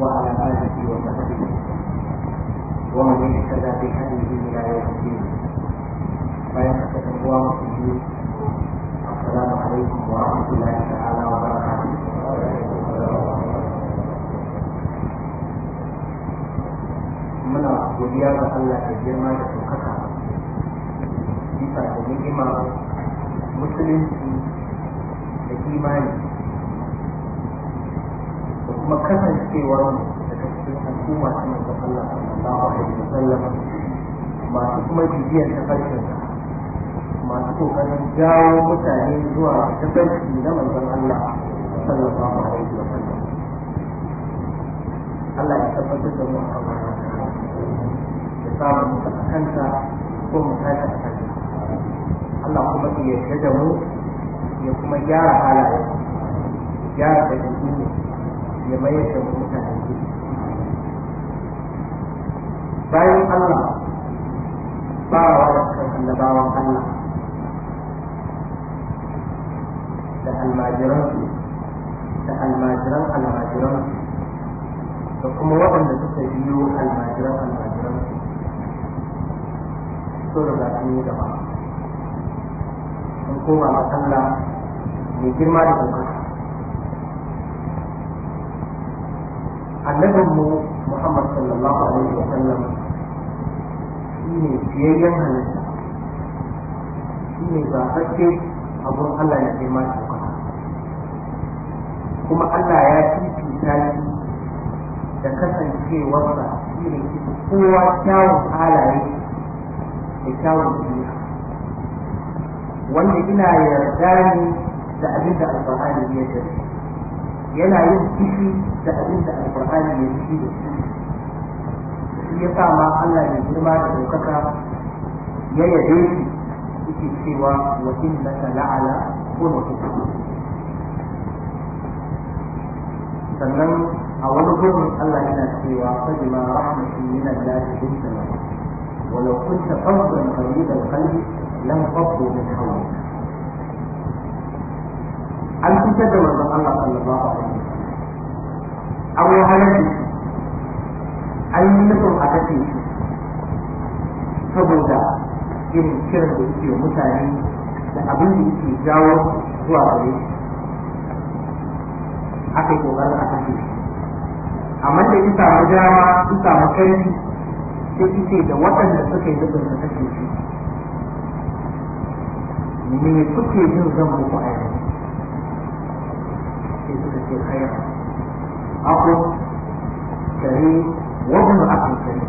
وعلى آله وصحبه ومن اهتدى بهديه إلى يوم الدين فيحفظ الله مسلمين السلام عليكم ورحمة الله تعالى وبركاته muna godiya ga Allah da girma da ɗaukaka bisa da ni'ima musulunci da imani kuma kasancewar daga cikin hukuma ta manzon Allah sallallahu alaihi wasallam masu kuma bibiyar ta karshen masu kokarin jawo mutane zuwa ta karshe na manzon Allah sallallahu alaihi wasallam Allah ya tabbatar da mu a kan ya samu mu a kanta ko mu tashi a kanta Allah kuma ya yarda da mu ya kuma gyara halaye gyara da mu ya mayar da mutane bayan Allah ba wa da annabawan Allah da almajiransu da almajiran almajiransu da kuma waɗanda suka biyo almajiran almajiransu so da zafi ne gaba sun koma ma Allah mai girma da ɗaukaka annabin mu Muhammad sallallahu alaihi wa sallam ne biyayyen halitta shine zaɓaɓɓe abun Allah ya kai ma kuma Allah ya fifita shi da kasancewarsa shine kowa kyawun halaye da kyawun duniya wanda ina yarda ne da abin da alƙur'ani ya tafi yana yin kifi da abin da alƙur'ani ya fushi da shi shi ya sa ma Allah ya girma da ɗaukaka ya yabe shi yake cewa wa innaka la'ala khuluqin sannan a wani gurin Allah yana cewa fajima rahmatin min Allah inda walau kunta fadlan qalil qalbi lam faddu min hawlika an fitar da manzon Allah sallallahu alaihi wasallam an wahalar da shi an yi nufin a kashe shi saboda irin kiran da yake mutane da abin da yake jawo zuwa gare shi aka yi kokarin a kashe shi amma da ita samu dama ita samu karfi sai ita da waɗanda suka yi zubin da kashe shi me suke jin zan muku aiki an أخ كريم وابن أخ كريم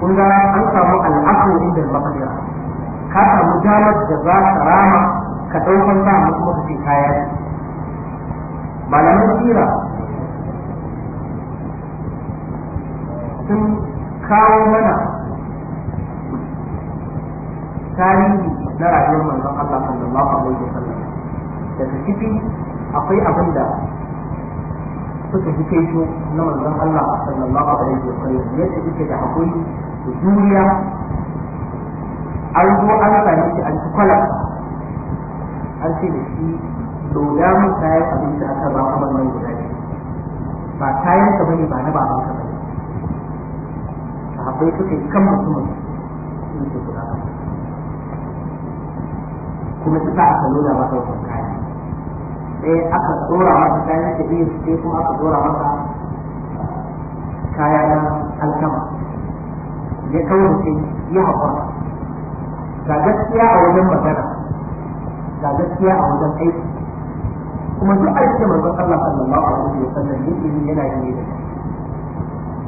كنا أنت الأخ عند المقدرة كان مجالد جزاء كرامة كتوفا سامة مكتب كايات malaman tsira sun kawo mana tarihi na rayuwar manzon Allah sallallahu alaihi wasallam daga akwai abin da suka fi kai to na manzon Allah sallallahu alaihi wa sallam yadda suke da hakuri da juriya an zo an sami shi an ci kwala an ce da shi loda mun kayan abinci aka ba ka ban nan guda ba kayan ka bane ba na baban ka bane sahabbai suka yi kan mutumin sun ce guda kuma suka aka loda ba kai sai eh, aka tsora masa kayan tafiya sai kuma aka tsora masa kaya na alkama ya kawo mutum ya haƙura ga gaskiya a wajen magana ga gaskiya a wajen aiki kuma duk a mai manzon Allah sallallahu alaihi wa sallam yake yana yi da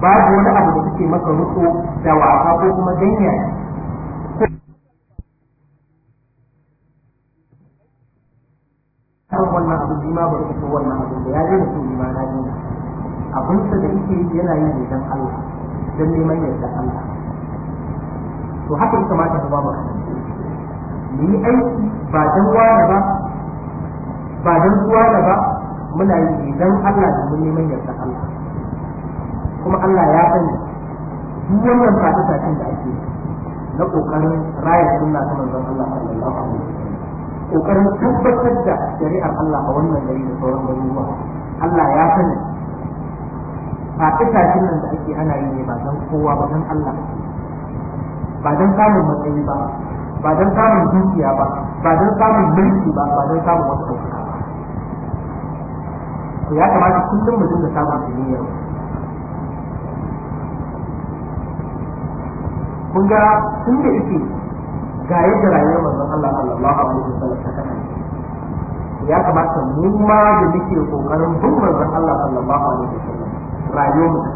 babu wani abu da suke masa ruko da wasa ko kuma ganyaye. kan wannan abin ma ba su wannan abin da ya zai su ima na dina abinsa da yake yana yin ne Allah don neman yadda Allah to haka ya kamata mu ba mu mu yi aiki ba dan wani ba ba dan wani ba muna yi ne Allah da mun neman yadda Allah kuma Allah ya sani duk wannan fata da ake na kokarin raya suna ta manzon Allah sallallahu alaihi wasallam kokarin tabbatar da shari'ar Allah a wannan gari da sauran garuruwa Allah ya sani a itacen nan da ake ana yi ne ba don kowa ba don Allah ba don samun matsayi ba ba don samun dukiya ba ba don samun mulki ba ba don samun wasu ba to ya kamata kullum mu dinga samun duniya kun ga tun da ita. ga yadda rayuwar manzon Allah sallallahu alaihi wasallam ta kasance ya kamata mu ma da muke kokarin bin manzon Allah sallallahu alaihi wasallam rayuwar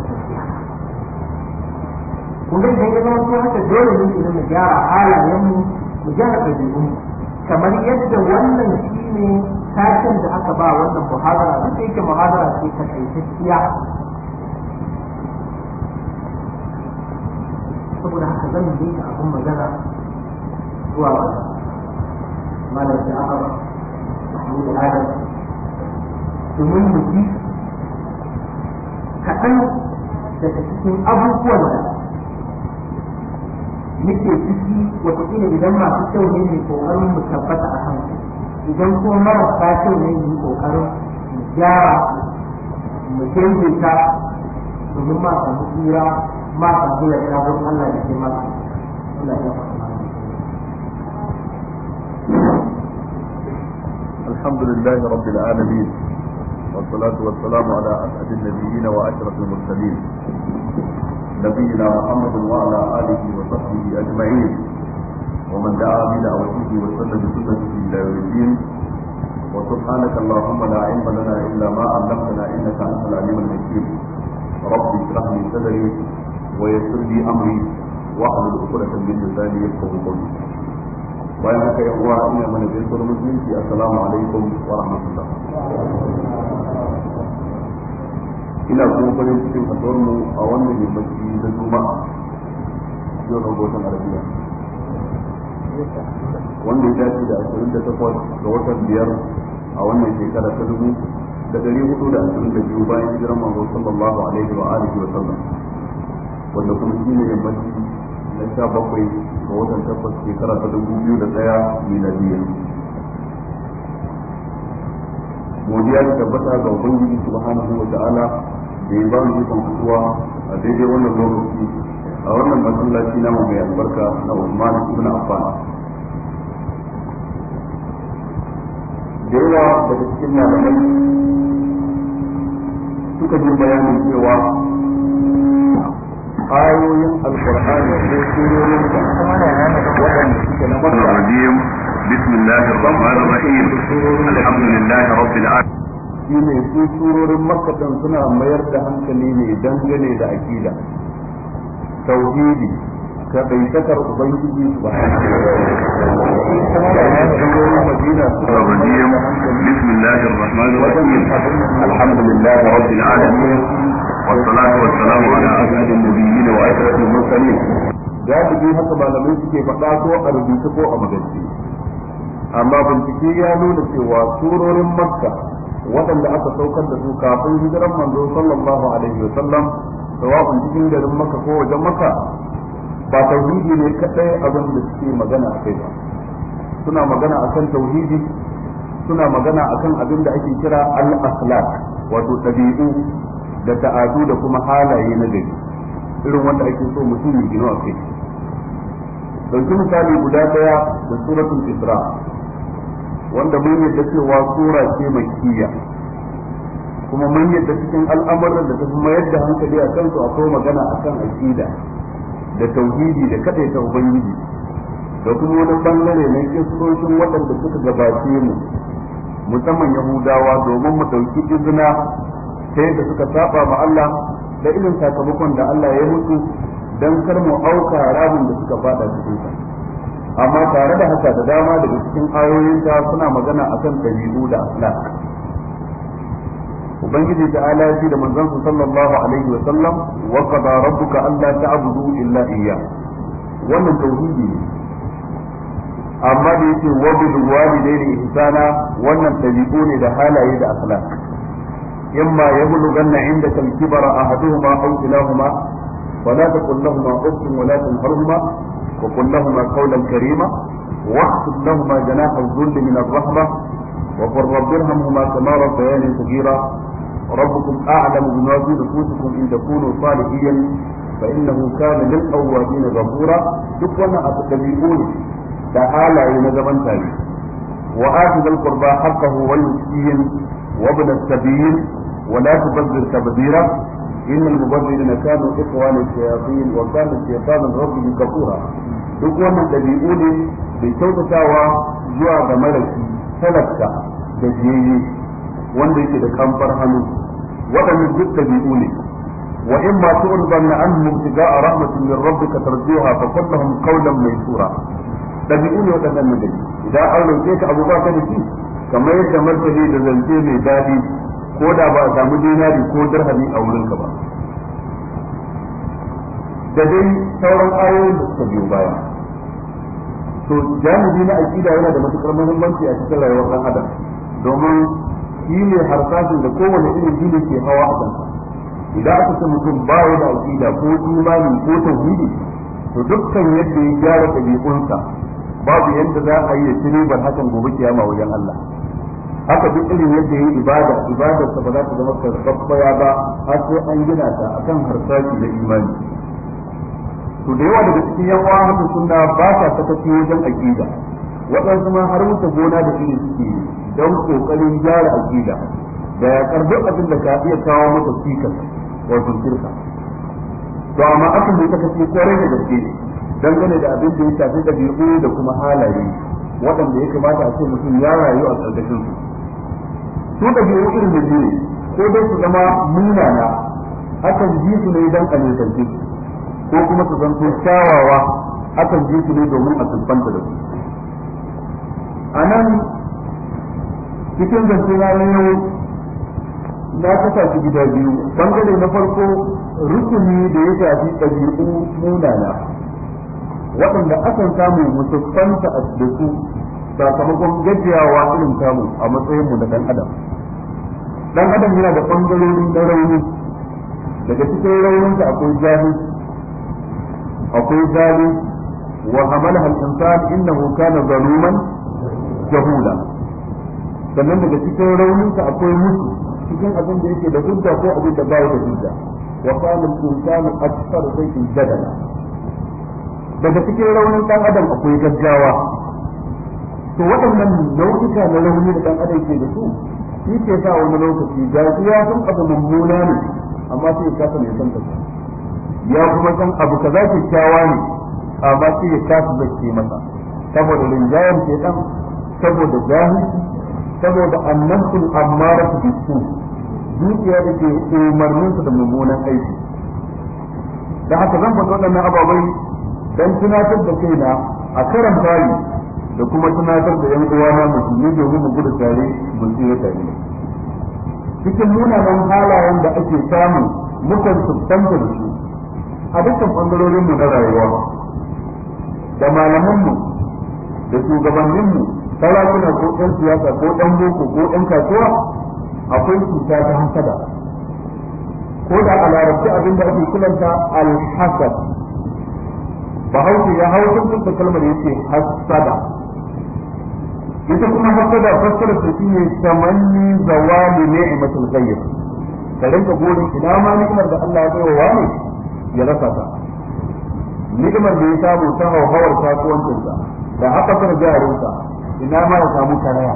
mu kun ga idan ya zama cikin haka dole ne idan mu gyara halayen mu mu gyara ɗabi'un mu kamar yadda wannan shine sashen da aka ba wannan muhadara duk da yake muhadara ce ta kaitacciya saboda haka zan yi abun magana zuwa wata malam ja'afar mahmud adam domin mu ji kaɗan daga cikin abubuwan da muke ciki wataƙila idan masu kyau ne mai ƙoƙarin mu tabbata a kan idan kuma marasa kyau ne mu ƙoƙarin mu gyara mu daidaita domin ma samu tsira ma samu yarda don Allah ya ke masu Allah ya faɗa الحمد لله رب العالمين والصلاة والسلام على أسعد النبيين وأشرف المرسلين نبينا محمد وعلى آله وصحبه أجمعين ومن دعا بدعوته وسلم بسنته إلى يوم الدين وسبحانك اللهم لا علم لنا إلا ما علمتنا إنك أنت العليم الحكيم رب اشرح لي صدري ويسر لي أمري واحلل عقدة من لساني يفقه قولي bayan haka yan uwa ina mana gaisuwar musulunci assalamu alaikum wa rahmatullah ina kuma farin cikin hasuwar mu a wannan yammaci na juma'a yau na gotan arabiya wanda ya dace da ashirin da takwas ga watan biyar a wannan shekara ta dubu da dari hudu da ashirin da biyu bayan hijiran manzo sallallahu alaihi wa alihi wa sallam wanda kuma shi ne yammaci na sha bakwai ga watan takwas shekara ta dubu biyu da ɗaya miladiyya godiya ta tabbata ga ubangiji subhanahu wa ta'ala da ya ba mu ikon fitowa a daidai wannan lokaci a wannan masallaci namu mai albarka na Usman ibn Affan da yawa daga cikin malamai suka ji bayanin cewa ayoyin alkur'ani ko surorin da waɗanda suke na rajim bismillahir rahmanir rahim alhamdulillahi rabbil alamin shi ne su surorin makkadan suna mayar da hankali ne dangane da akida tauhidi ka bai sakar ubangiji subhanahu wa ta'ala madina rajim bismillahir rahmanir rahim alhamdulillahi rabbil alamin والصلاة والسلام على أسعد النبيين وأشرف المرسلين galibi haka malamai suke faɗa ko a rubuce ko a magance amma bincike ya nuna cewa surorin makka waɗanda aka saukar da su kafin hijiran manzo sallallahu alaihi wa sallam sawa'un cikin garin makka ko wajen makka ba tauhidi ne kadai abin da suke magana a kai ba suna magana akan tauhidi suna magana akan abin da ake kira al-akhlaq wato ɗabi'u da ta'adu da kuma halaye na gari irin wanda ake so mutum yi gino a kai dauki misali guda daya da suratun isra wanda mun yadda cewa sura ce makkiya kuma mun yadda cikin al'amuran da ta fi mayar da hankali a kansu a akwai magana akan aƙida. da tauhidi da kaɗai ta ubangiji da kuma wani bangare na kiskoshin waɗanda suka gabace mu musamman yahudawa domin mu ɗauki izina ta yadda suka saba ma Allah da irin sakamakon da Allah ya mutu don kar mu auka rabin da suka fada cikin sa amma tare da haka da dama daga cikin ayoyin ta suna magana akan dabi'u da akhlaq ubangiji ta ala shi da manzon sa sallallahu alaihi wa sallam wa qada rabbuka alla ta'budu illa iyyah wannan tauhidi ne amma da yake wa bil walidaini ihsana wannan dabi'u ne da halaye da akhlaq إما يبلغن عندك الكبر أحدهما أو كلاهما فلا تقل لهما أف ولا تنهرهما وقل لهما قولا كريما واحسب لهما جناح الذل من الرحمة وقل رب ارحمهما كما ربياني صغيرا ربكم أعلم بما في نفوسكم إن تكونوا صالحين فإنه كان للأوابين غفورا شكرا أتكلمون تعالى إلى زمن ثاني وآتي ذا القربى حقه والمسكين وابن السبيل ولا تبذر تبذيرا إن المبذرين كانوا إخوان الشياطين وكان الشيطان ربه كفورا duk wannan ɗabi'u ne bai kyautatawa zuwa ga maraki talaka da jiyayye wanda yake da kamfar hannu waɗannan duk ɗabi'u ne wa in ma tu'ridan anhum ibtida'a rahmatin min rabbika tarjuha fa qul lahum qawlan maysura ɗabi'u ne waɗannan da idan an roke ka abu ba ka da shi kamar yadda martani da zance mai daɗi ko da ba a samu dinari ko darhami a wurin ka ba da dai sauran ayoyin da suka biyo baya to jami'i na aqida yana da matukar muhimmanci a cikin rayuwar dan adam domin shi ne harsashin da kowane irin dini ke hawa a kansa idan aka ce mutum ba ya da aqida ko imani ko tauhidi to dukkan yadda ya gyara ɗabi'unsa babu yadda za a yi ya ci ribar hakan gobe kiyama wajen Allah haka duk irin yadda yi ibada ibada ta ba za ta zama karfafa ba har sai an gina ta akan harsashi da imani to da yawa daga cikin yan uwa sun da ba sa sakaci wajen aqida waɗansu ma har wuce gona da irin suke don kokarin gyara aqida da ya karbi abin da ka iya kawo masa cikas wato shirka to amma akan da sakaci kwarai da gaske dangane da abin da ya shafi ɗabi'u da kuma halaye waɗanda ya kamata a ce mutum ya rayu a ƙarƙashin su su ɗabi'u irin da biyu ko dai su zama munana akan ji su ne don a ko kuma su zanto kyawawa akan ji su ne domin a tuffanta da su a nan cikin zance na yau na kasa su gida biyu bangare na farko rukuni da ya shafi ɗabi'u munana waɗanda akan samu musulfanta a su sakamakon gajiyawa irin tamu a matsayin mu da dan adam dan adam yana da bangarori na rauni daga cikin raunin rauninsa akwai jahil akwai zali wa hamalaha al-insan innahu kana zaluman jahula sannan daga cikin raunin rauninsa akwai mutu cikin abin da yake da hujja ko abin da bawa da hujja wa kana al-insanu akthar shay'in jadala daga cikin raunin dan adam akwai gaggawa to waɗannan nau'uka na rauni da ɗan adam ke da su shi ke sa wani lokaci ga ya san abu mummuna ne amma sai ya kasa mai san kasa ya kuma san abu kaza kyawa ne amma sai ya kasa da ke masa saboda rinjayen ke ɗan saboda jahilci saboda annabtul ammara su bisu dukiya da ke su da mummunan aiki da haka zan faɗi waɗannan ababai don tunatar da na a karan tarihi da kuma tunatar da yan uwa na musulmi domin mu gudu tare mu tsira tare cikin munanan halayen da ake samu mukan subtanta da su a dukkan bangarorin mu na rayuwa da malaman mu da shugabanninmu, mu sarakuna ko ɗan siyasa ko ɗan boko ko ɗan kasuwa akwai cuta ta hasada ko da a larabci abin da ake kulanta alhasad bahaushe ya hau kuma kalmar yake hasada ita kuma da fassara ta shine tamanni zawalu ni'matul ghaib ka rinka burin ina ma ni'imar da Allah ya bayar wa ne ya rasa ta ni'imar da ya samu ta hauhawar kasuwancinsa da haka fara jarinsa ina ma ya samu karaya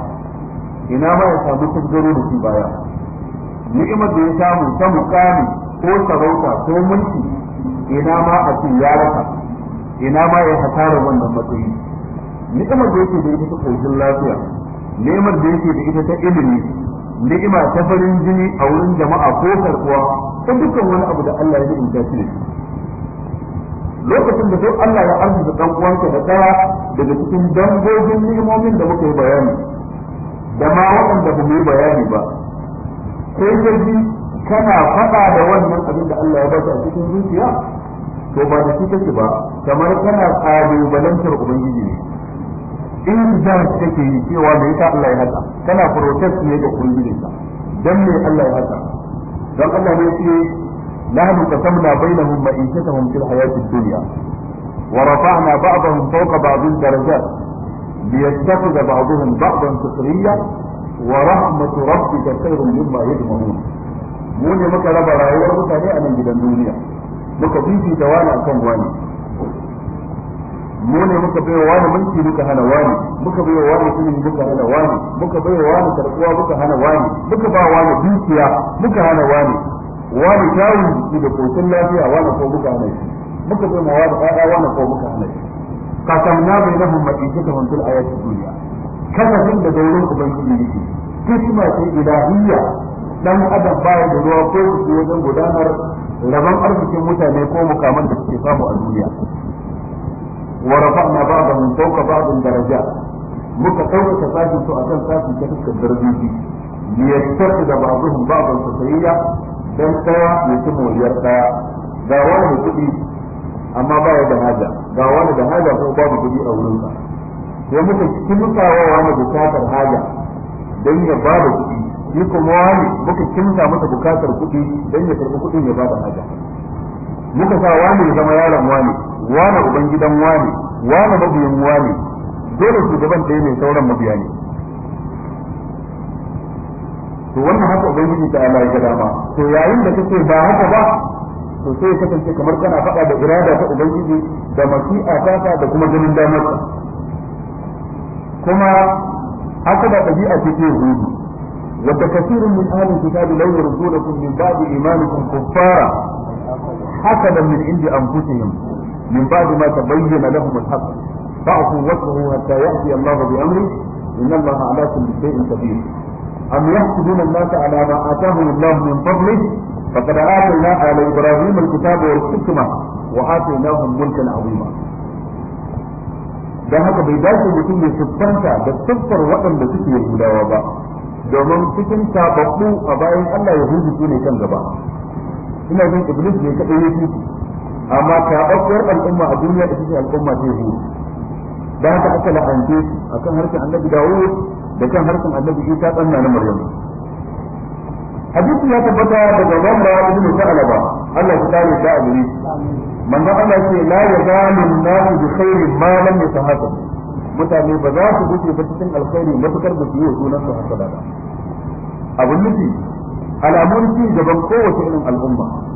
ina ma ya samu tasgaro da shi baya ni'imar da ya samu ta mukami ko sarauta ko mulki ina ma a ce ya rasa ina ma ya hasara wannan matsayi ni'imar da yake da ita ta lafiya ni'imar da yake da ita ta ilimi ni'ima ta farin jini a wurin jama'a ko karkuwa ta dukkan wani abu da Allah ya yi in shi lokacin da sai Allah ya arzuta dan uwanka da daya daga cikin dangogin ni'imomin da muka yi bayani da ma waɗanda ba mu yi bayani ba sai ka ji kana faɗa da wannan abin da Allah ya basu a cikin zuciya to ba da shi kake ba kamar kana balantar ubangiji ne irda take yi cewa da ita Allah ya haka tana protest ne ga kungiyar ta dan me Allah ya haka dan Allah ne ce nahnu qasamna bainahum ma'ishatahum fil hayatid dunya wa rafa'na ba'dahum fawqa ba'dil darajat ليتخذ بعضهم بعضا سخريا ورحمة ربك خير مما يجمعون mu ne muka raba rayuwar mutane a nan gidan duniya muka fifita wani akan wani mu ne muka bai ne mulki muka hana wani muka bai ne kuma muka hana wani muka bai ne karkuwa muka hana wani muka ba ne dukiya muka hana wani wani kyawun jiki da kokin lafiya ne ko muka hana shi muka bai ma wani wa ne ko muka hana shi qasamna bainahum ma'ishatahum fil ayati dunya kasafin da daurin ubangiji yake kisma ce ilahiyya dan adam baya da ruwa ko wajen gudanar rabon arzikin mutane ko mukamman da suke samu a duniya ورفعنا بعضهم فوق بعض daraja. muka ɗaukaka sashin su akan kan sashin ta fuskar darajoji liyattafi da ba'dhum ba'dan fasayya dan tsaya ya ci moriyar ɗaya ga wani kuɗi amma ba ya da haja ko babu kuɗi a wurin ka sai muka kimsa wa wani bukatar haja dan ya ba da kuma wani muka kimsa masa bukatar kuɗi dan ya karɓi kuɗin ya ba haja muka sa wani zama yaron wani wane ubangidan wane wane mabiyan wane dole shugaban ɗaya ne sauran mabiya ne to wannan haka uban ubangiji ta Allah ya dama to yayin da kake ba haka ba to sai ya kasance kamar kana faɗa da irada ta ubangiji da masi'a ta da kuma ganin damar ka. kuma haka da ɗabi'a ce ta yahudu وكثير من اهل الكتاب لو يردونكم من بعد ايمانكم كفارا حسدا من عند انفسهم من بعد ما تبين لهم الحق فاعفوا وجهه حتى ياتي الله بامره ان الله على كل شيء قدير ام يحسدون الناس على ما اتاهم الله من فضله فقد اتينا ال ابراهيم الكتاب والحكمه واتيناهم ملكا عظيما dan haka bai dace mutum ya siffanta da siffar waɗanda suke yahudawa ba domin cikin sababbu a bayan Allah yahudu su ne kan gaba ina jin iblis ne kaɗai ya fi amma taɓaɓɓiyar al'umma a duniya da ce al'umma ce hudu da haka aka la'ance su akan harshen annabi dawud da kan harshen annabi isa ɗan na maryam hadisi ya tabbata daga wanda ta al'aba Allah ya kare ta a gare manzo Allah ce la yazalu na nasu bi khairin ma ta yatahasab mutane ba za su guje ba cikin alkhairi matukar da su yi sunan su hasada ba abun nufi alamun ci gaban kowace irin al'umma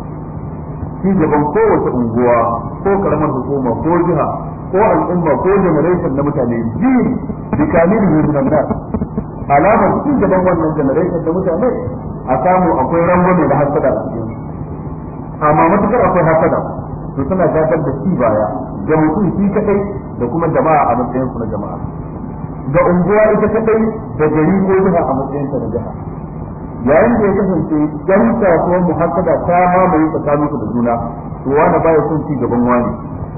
shi gaban kowace unguwa ko karamar hukuma ko jiha ko al'umma ko generation na mutane ji bi kamil min nas alamar shi gaban wannan generation da mutane a samu akwai rangwame da hasada a cikin amma matukar akwai hasada to suna gadar da shi baya ga mutum shi kadai da kuma jama'a a matsayin su na jama'a ga unguwa ita kadai da gari ko jiha a matsayin ta na jiha yayin da ya kasance jamta ko muhakkada ta mamaye ta su da juna to wani baya son ci gaban wani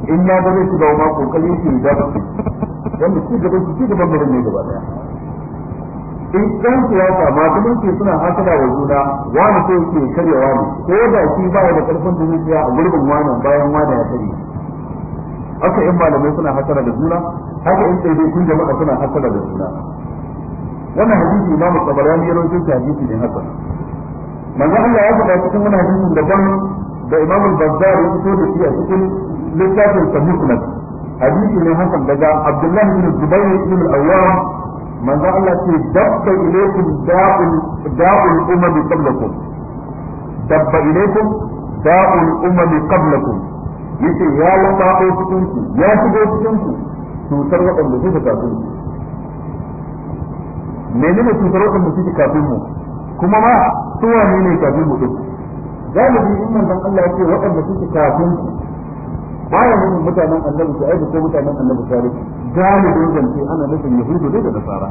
in ya ga zai ci gaba ma kokari yake da ba wanda ci gaban su ci gaban garin ne gaba daya in kan siyasa kuma ke suna hasada wa juna wani sai ke karya wani ko da shi ba da karfin da zuciya a gurbin wani bayan wani ya karye haka in malamai suna hasada da juna haka in ɗaiɗaikun jama'a suna hasada da juna wannan hadisi ba imamu tabarani ya rawaito shi hadisi ne haka manzo Allah ya faɗa cikin wannan hadisi da ban da Imam al bazzar ya fito da shi a cikin littafin sa musnad hadisi ne haka daga Abdullah ibn Zubayr ibn al-Awwam manzo Allah ce dabba ilaykum da'ul da'ul ummi qablakum dabba ilaykum da'ul ummi qablakum yace ya lafa ko cikin ku ya shigo cikin ku to da waɗanda suka kafin ku menene cutar wadanda suke kafin mu kuma ma su wane ne kafin mu din galibi in manzon Allah yake waɗanda suke kafin ku baya nufin mutanen annabi su aiki ko mutanen annabi salihu galibin zance ana nufin yahudu ne da nasara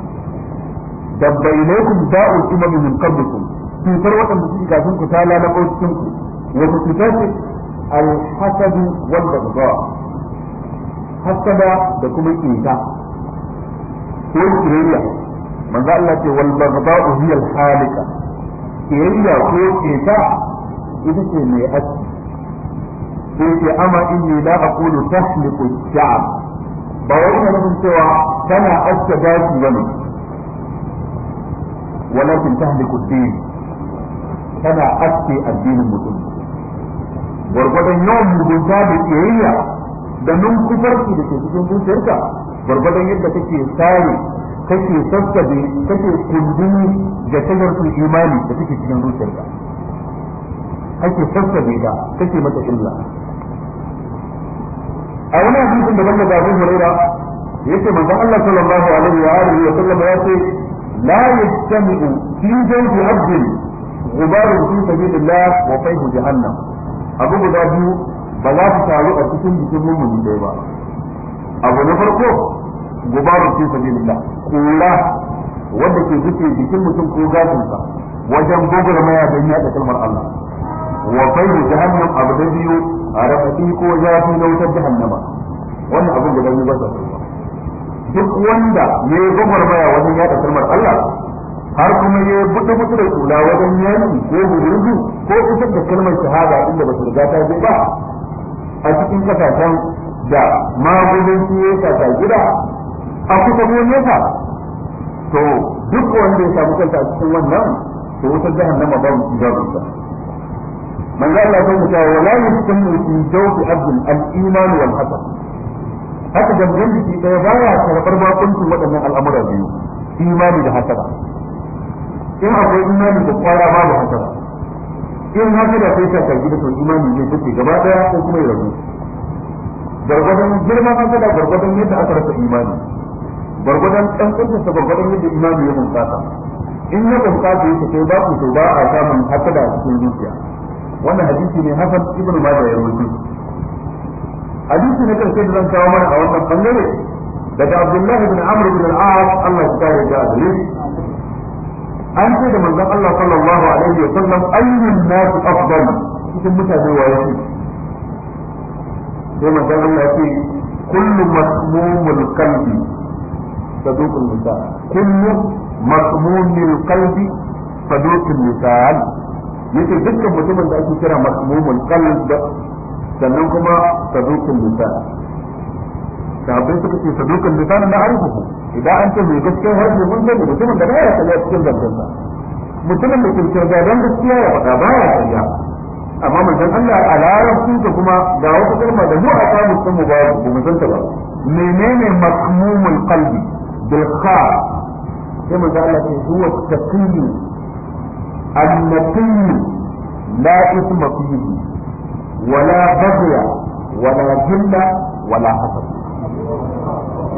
dabbainaikum da'ul umami min qablikum cutar waɗanda suke kafin ku ta lalako cikin ku wa ku ce ce alhasadu wal baghdha hasada da kuma kinta ko kiriyya manzo Allah ce wal baghda'u hiya al halika kiyayya ko keta ita ce mai aski Ke ce amma inni la aqulu tahliqu sha'ab ba wai ina nufin cewa tana aske gashi bane walakin tahliqu din tana aske addinin mutum gwargwadon yawan mugunta da kiyayya da nun kufarki da ke cikin zuciyarka gwargwadon yadda take sare kake sassabe kake kundini da shagartul imani da take cikin zuciyarka kake sassabe ta kake mata illa a wani hadisin da banda babu huraira yace manzon Allah sallallahu alaihi wa alihi wa sallam ya ce la yajtami'u fi jawfi 'abdin gubarun fi sabilillah wa fayhu jahannam abu guda biyu ba za su taru a cikin jikin mummuni ɗaya ba abu na farko gubarun fi sabilillah kura wanda ke zuke jikin mutum ko gatinsa wajen gogurmaya don yaɗa kalmar Allah wa bayyu jahannam abu da biyu a rafaɗi ko zafi na wutar jahannama wannan abin da zan yi ba duk wanda ya yi gogurmaya wajen yaɗa kalmar Allah har kuma ya yi buɗe buɗe da kula wajen yanki ko hujurzu ko isar da kalmar shahada inda ba su riga ta je ba a cikin kasashen da magudanci ya kasa gida a kusa ko nesa to duk wanda ya samu kanta a cikin wannan to wutar nama ba mu ba mu man za Allah ta, mu cewa wala yastamu fi jawfi abdul al-iman wal hasan haka da gangan jiki daya baya karbar bakuncin waɗannan al'amura biyu imani da hasada in akwai imani da kwara ba da hasada in hasada sai ta karbi da to imani zai fice gaba daya ko kuma ya rabu gargadon girman hasada gargadon yadda aka rasa imani gwargwadon ɗan kunsa sa gwargwadon yadda imani ya bunƙasa in ya bunƙasa yake sai ba ku to ba a samun haka da cikin zuciya wannan hadisi ne hasan ibnu majah ya rawaito hadisi ne karshe da zan kawo mana a wannan bangare daga abdullahi bin amr bin al-as Allah ya kare da azali an ce da manzon Allah sallallahu alaihi wa sallam ayyun nasu afdal cikin mutane wa yake sai manzon Allah ya ce kullu masmumul qalbi صدوق اللسان كل مسموم القلب صدوق اللسان yace dukkan mutumin da ake kira masmumul qalb sannan kuma saduqul lisan sahabbai suka ce saduqul lisan na arifu idan an ce mai gaskiya har mun da mutumin da baya kariya cikin dangansa mutumin da ke kirga dan gaskiya ya faɗa baya kariya amma mutum Allah a larabci da kuma ga wata kalma da mu a samu sun mu ba mu san ta ba menene masmumul qalbi bilkha sai manzo Allah ce huwa taqiyyu annabiyyu la isma fihi wala baghya wala jilla wala hasad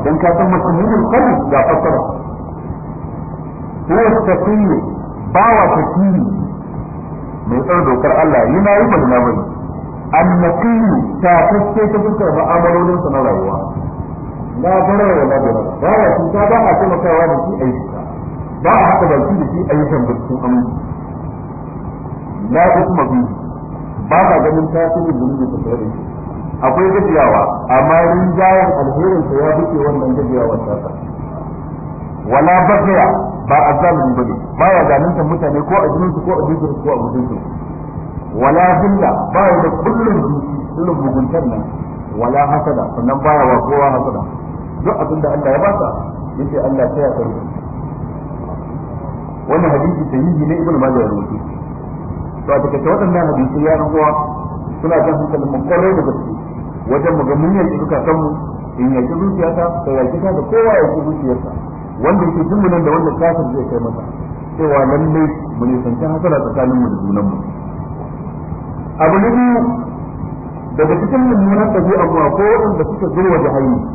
dan ka san mutumin qalbi da fasara huwa taqiyyu bawa taqiyyu mai tsar dokar Allah yana yi balna bane annabiyyu ta fuske ta fuskar ma'amalolinsa na rayuwa Na barar wa la da ba ya cuta ba a taimakawa da shi a yi ba a haka baki da shi a yi tambarcin aminci la kuma bi ba ka ganin tasirin zunubi ta tare akwai gajiyawa amma rinjayen alherin sa ya buke wannan gajiyawar tasa wala bakiya ba a zalimi ba ne ba ya ganin ta mutane ko a jininsu ko a jikinsu ko a mutunsu wala zilla ba ya da kullum zuci kullum muguntar nan wala hasada sannan baya wa kowa hasada duk abin da Allah ya ka yace Allah ta ya kai wannan hadisi sahihi ne ibnu majah ya rubuta to a take waɗannan hadisi ya rawa suna kan hankal mun kwarai da gaske wajen mu ga mun yanke san mu in yaki zuciyarsa ta yaki ta da kowa ya yaki zuciyarsa wanda yake jin nan da wanda kafir zai kai masa cewa lalle mu ne san hasara tsakanin mu da junan mu abu ne daga cikin mummunan ɗabi'a ko waɗanda suka zo wa jahanni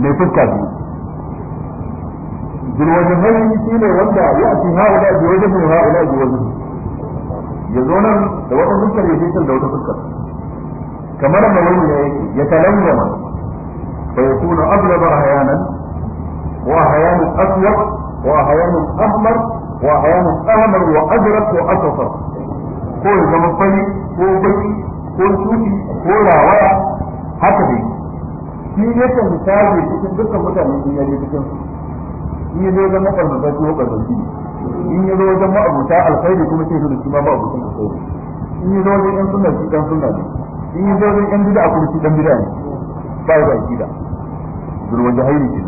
mai fuska biyu bilwajihaini shi ne wanda ya ci ha'ula bi wajihin ha'ula bi wajihin ya zo nan da wata fuskar ya fitar da wata fuskar kamar da wani ya yake ya talamma fa yakunu ablaba hayanan wa hayanun aswad wa hayanun ahmar wa hayanun ahmar wa azraq wa asfar ko ya zama fari ko baki ko shuki ko rawaya haka dai shi ne kan misali cikin dukkan mutane in yaje cikin in ya zo wajen mafarmata ko karbanci in ya zai zama ma'abuta alkhairi kuma ce su da shi ma ma'abutan alkhairi in ya zai wajen yan sunna shi ɗan sunna ne in ya zai wajen yan bid'a kuma shi dan bid'a ne ba ya da akida dur wajen ke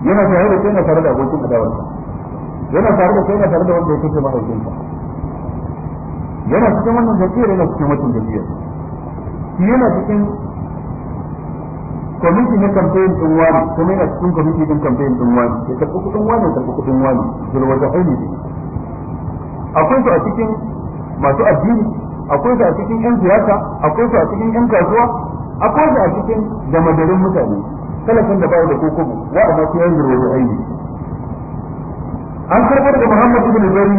kenan yana tare da kai na tare da abokin adawarsa yana tare da kai na tare da wanda ya kace mahaifinsa yana cikin wannan jam'iyyar yana cikin wancan jam'iyyar yana cikin kwamiti na kamfen din wani kuma yana cikin kwamiti din kamfen din wani ya tafi kudin wani ya tafi kudin wani da aini ne akwai su a cikin masu addini akwai su a cikin yan siyasa akwai su a cikin yan kasuwa akwai su a cikin jamadarin mutane talafin da bawa da kokobo wa a masu yan da aini an karɓar da muhammad ibn zayd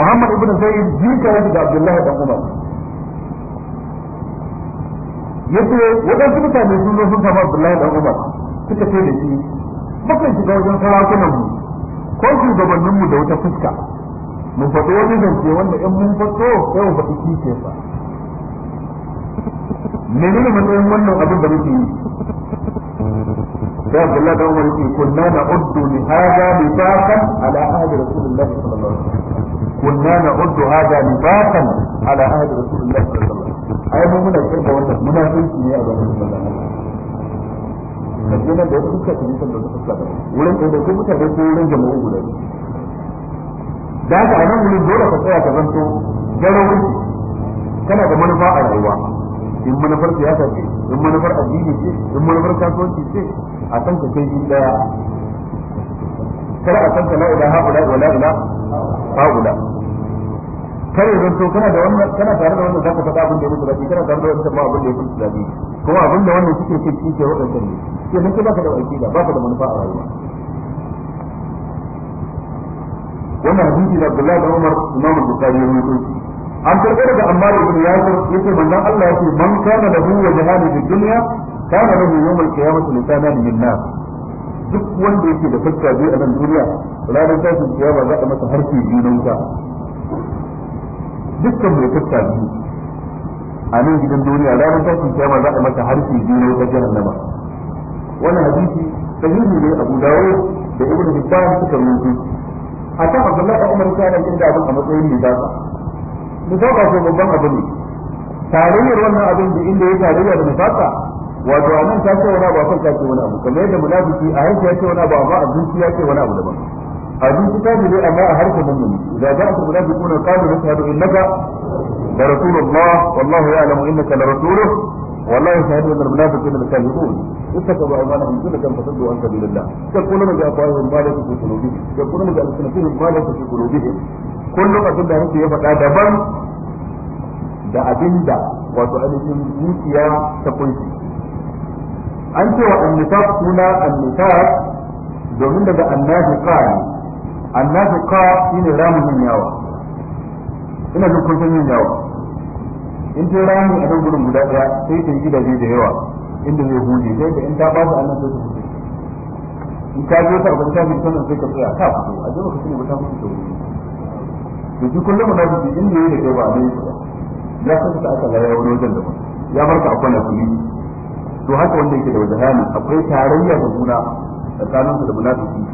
muhammad ibn zayd jika yadda da abdullahi dan umar yace waɗansu mutane sun zo sun samu Abdullahi dan Umar suka ce da shi bakan shiga wajen sarakunan mu ko shugabannin mu da wata fuska mun faɗo wani zance wanda in mun faɗo sai mu faɗi kike fa menene matsayin wannan abin da muke yi sai Abdullahi dan Umar yake kunna na na'uddu li hadha nifaqan ala ahdi Rasulullah sallallahu alaihi wasallam kunna na na'uddu hadha nifaqan ala ahdi Rasulullah sallallahu alaihi wasallam ai mun muna kirga muna munafiki ne a gaban manzon Allah kaje nan da kuka tafi san da kuka tafi wurin da ko mutane ko wurin jama'a guda da haka nan wurin dole ka tsaya ka zanto garawun kana da manufa a rayuwa in manufar siyasa ce in manufar addini ce in manufar kasuwanci ce a san ka kai daya kar a san ka la ilaha illa wa la ilaha kare zan to kana da wannan kana tare da wannan zaka faɗa abin da ya mutu kana tare da wannan ba abin da ya mutu daɗi kuma abin da wannan suke ce shi ke wadannan ne ke nan baka da aiki da baka da manufa a rayuwa wannan hadisi da Abdullah da Umar Imam Bukhari ya mutu an karɓo daga Ammar ibn Yasir yace manzon Allah yace man kana lahu wajhani fid dunya kana lahu yawm al-qiyamati lisanan min nar duk wanda yake da fuska biyu a nan duniya ranar tashin kiyama za a masa harshe biyu na wuta dukkan mai fuska biyu a nan gidan duniya ranar ta kiyama za a mata harshe biyu na wutar jahannama wannan hadisi sahihi ne abu dawo da ibnu hibban suka rubuta kan abdullahi da umar kana inda abin a matsayin libasa libasa ko babban abu ne tarayyar wannan abin da inda ya tarayya da mafaka wato a nan ta ce wani abu a kan ta ce wani abu kamar yadda munafiki a harshe ya ce wani abu amma a zuciya ya ce wani abu daban abinci ta ne amma a harkar mummuni da za a ku da kuma na kawo da shahadu innaka da rasulullah والله شهادة أن المنافقين الكاذبون اتخذوا أيمانهم جنة فصدوا عن سبيل الله يقولون بأفواههم ما ليس في قلوبهم يقولون بألسنتهم ما ليس في قلوبهم كل ما كنت أنت يبقى دبا da abin da wato ainihin zuciya ta kunshi an cewa annifaq suna annifaq domin daga annafiqa ne annasu ka shi ne ramin yin yawa ina jin kun san yin yawa in ta rami a nan gudun guda ɗaya sai ta yi gidaje da yawa inda zai huje sai da in ta ba su annan sai ta huje in ta zo ta abin ta fi sanin sai ka tsaya ta fito a jima ka shine ba ta fito ta wuri da shi kullum da su inda yi da kai ba a nan ya san ta aka laya wani wajen da ba ya bar ka a kuni to haka wanda yake da wajen rami akwai tarayya da juna tsakaninsu da munafiki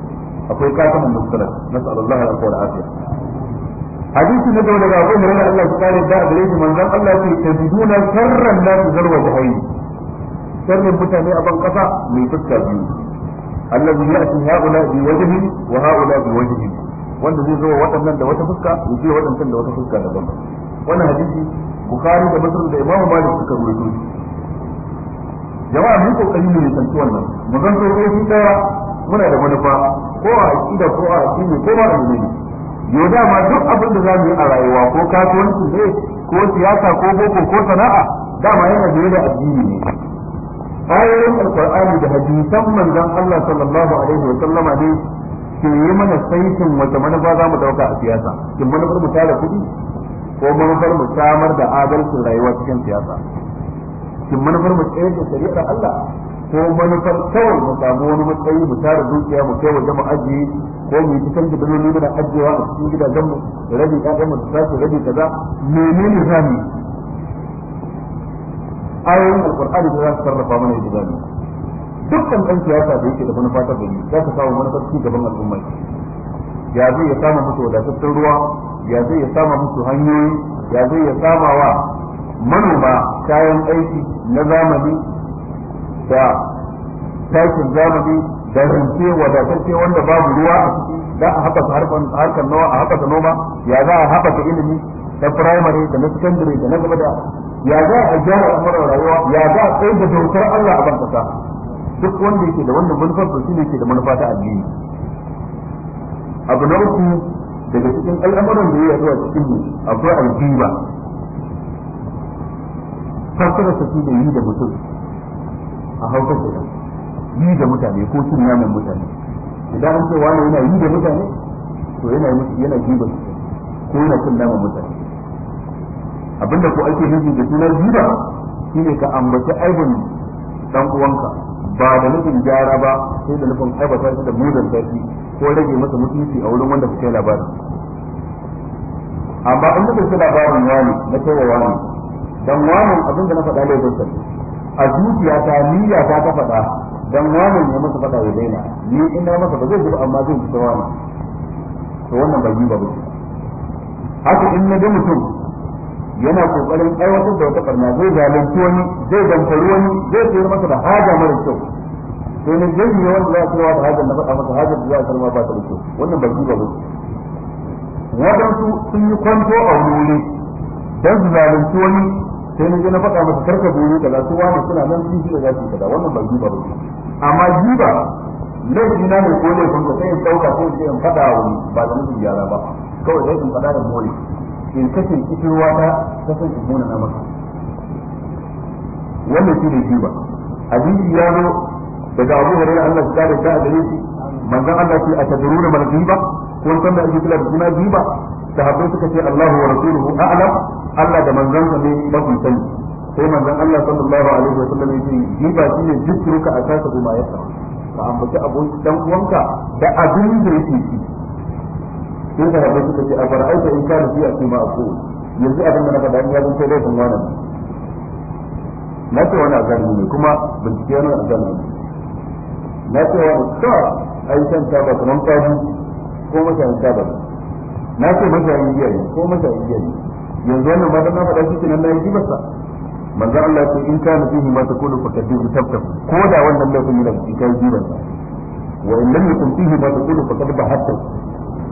akwai kafin mustalah nas'alullah al-afwa wal afiya hadisi na gaba daga abu hurairah Allah ya kare da gare shi manzon Allah ya ce tabiduna sharran la tuzarwa bahayni sharrin mutane a ban kasa mai fuska biyu Allah ya allazi ya'ti haula bi wajhi wa haula bi wajhi wanda zai zo waɗannan da wata fuska ya je waɗannan da wata fuska daban wannan hadisi bukhari da muslim da imamu malik suka rubuto shi jama'a mu kokari ne san tuwan nan mu zan so kai tsaya, daya muna da manufa ko a da ko a ne, ko ba a ne yau da ma duk abin da za mu yi a rayuwa ko kasuwanci ne ko siyasa ko boko ko sana'a dama yana da da addini ne ayoyin alqur'ani da hadisan manzon Allah sallallahu alaihi wa sallama ne ke yi mana saitin wata manufa za mu dauka a siyasa kin manufar mu tara kuɗi ko manufar mu samar da adalcin rayuwa cikin siyasa kin manufar mu tsayar da shari'ar Allah ko manufar kawai mu samu wani matsayi mu tara dukiya mu kai waje mu aji ko mu yi cikin gidanoni da ajiyewa a cikin gidajen mu rabi ƴaƴan mu ta ce rabi kaza menene zamu ayoyin alqur'ani da za su sarrafa mana yadda zamu dukkan ɗan siyasa da yake da manufa ta gani za ka samu manufar ci gaban al'umma ya zai ya sama musu wadatattun ruwa ya zai ya sama musu hanyoyi ya zai ya sama wa manoma kayan aiki na zamani da takin zamani da rinke wadatacce wanda babu ruwa a ciki za a haɓaka harkar noma a haɓaka noma ya za a haɓaka ilimi na firamare da na sakandare da na gaba da ya za a gyara al'amuran rayuwa ya za a tsaye da dokar Allah a bankasa duk wanda yake da wannan manufar to shine yake da manufa ta addini abu na uku daga cikin al'amuran da ya zuwa cikin mu akwai aljiba fassara su da yi da mutum a hausa guda yi da mutane ko cin naman mutane idan an ce wani yana yi da mutane to yana yi musu yana giba ko yana cin naman mutane abinda ko ake nufi da jiba shi shine ka ambaci aibin dan uwanka ba da nufin gyara ba sai da nufin aibata shi da mudan tafi ko rage masa mutunci a wurin wanda kai labarin amma in kuka ci labarin wani na kai wa wani dan wani abin da na faɗa laifin sarki a zuciya ta niyya ta ta faɗa dan wannan ya masa faɗa ya daina ni ina masa ba zai ji amma zai fita wani to wannan bai yi ba ba haka in na ga mutum yana kokarin aiwatar da wata barna zai zalunci wani zai damfari wani zai tsayar masa da haja mara kyau sai na zai yi wanda za a tsirwa da hajar na faɗa masa hajar da za a tsirwa ba ta da kyau wannan bai yi ba ba waɗansu sun yi kwanto a wuri don su zalunci wani sai na je na faɗa masa karka goyi kaza su wani suna nan sun shida za su wannan ba jiba ba amma jiba laifi na mai ko laifin ka sai in ɗauka sai in ce in faɗa wa ba da nufin gyara ba kawai sai in faɗa da more in kashe kishirwa ta ta san in muna na masa wannan shi ne jiba hadisi ya zo daga Abu Hurairah Allah ya kare ta a gare shi manzon Allah ce a tadruna mal ghiba ko san da ake kula da juna ghiba sahabbai suka ce Allah wa rasuluhu a'lam Allah da sa ne mafi sani sai manzon Allah sallallahu alaihi wa sallam yake shi ba shi ne ruka a kasa kuma ya sa ka ambaci abun dan uwanka da abin da yake shi sai da rabu suka ce a fara'aita in kana fi a kuma aku yanzu abin da na faɗa ya zan sai dai kan wannan na ce wani azalimi ne kuma bincike wani azalimi ne na ce wani sa aikin ta ba kamar tabi ko mutane ta ba na ce mutane yayi ko mutane yayi yanzu wannan ba dan na faɗa shi kenan nayi gibarsa manzo Allah ce in kana fihi ma takunu fakadiru tabtab ko da wannan laifin yana cikin kai gibarsa wa in lam yakun fihi ma takunu fakad hatta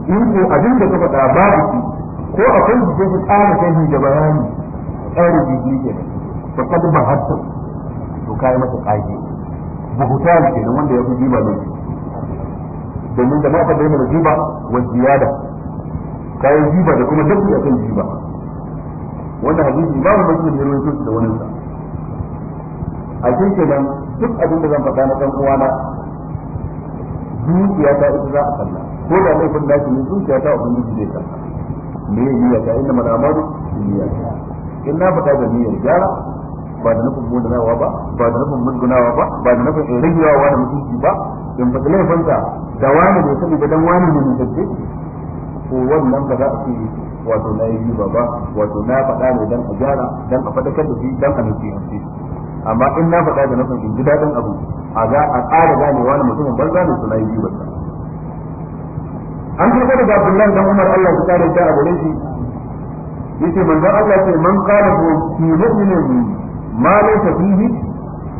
in ko abin da ka faɗa ba shi ko akwai da zai tsara kai da bayani tsari jiji kenan fakad hatta to kai masa kaji buhutan kenan wanda ya fi jiba ne domin da ma fa da yana giba wa ziyada kayan jiba da kuma dabbi kan jiba wanda hadisi babu mutum da rawaito shi da wannan sa a cikin nan duk abin da zan faɗa na ɗan uwana dukiya ta ita za a kalla ko da laifin da shi dukiya ta da zai kalla me ya niyya ta inda mana amaru niyya in na faɗa da niyyar gyara ba da nufin mudanawa ba ba da nufin musgunawa ba ba da nufin ragewa da mutunci ba in faɗi laifinsa da wani bai sani da dan wani ne mutacce to wannan ba za a ce wato na yi ba ba wato na faɗa ne dan a gyara dan a faɗakar da shi dan a nufi hanci amma in na faɗa da nufin in ji daɗin abu a za a ƙara ganewa na mutumin banza ne su na yi ba ta. an karɓar da Abdullahi dan Umar Allah ya kare ta a gare shi yace manzon Allah ce man qala hu fi mu'minin ma laysa fihi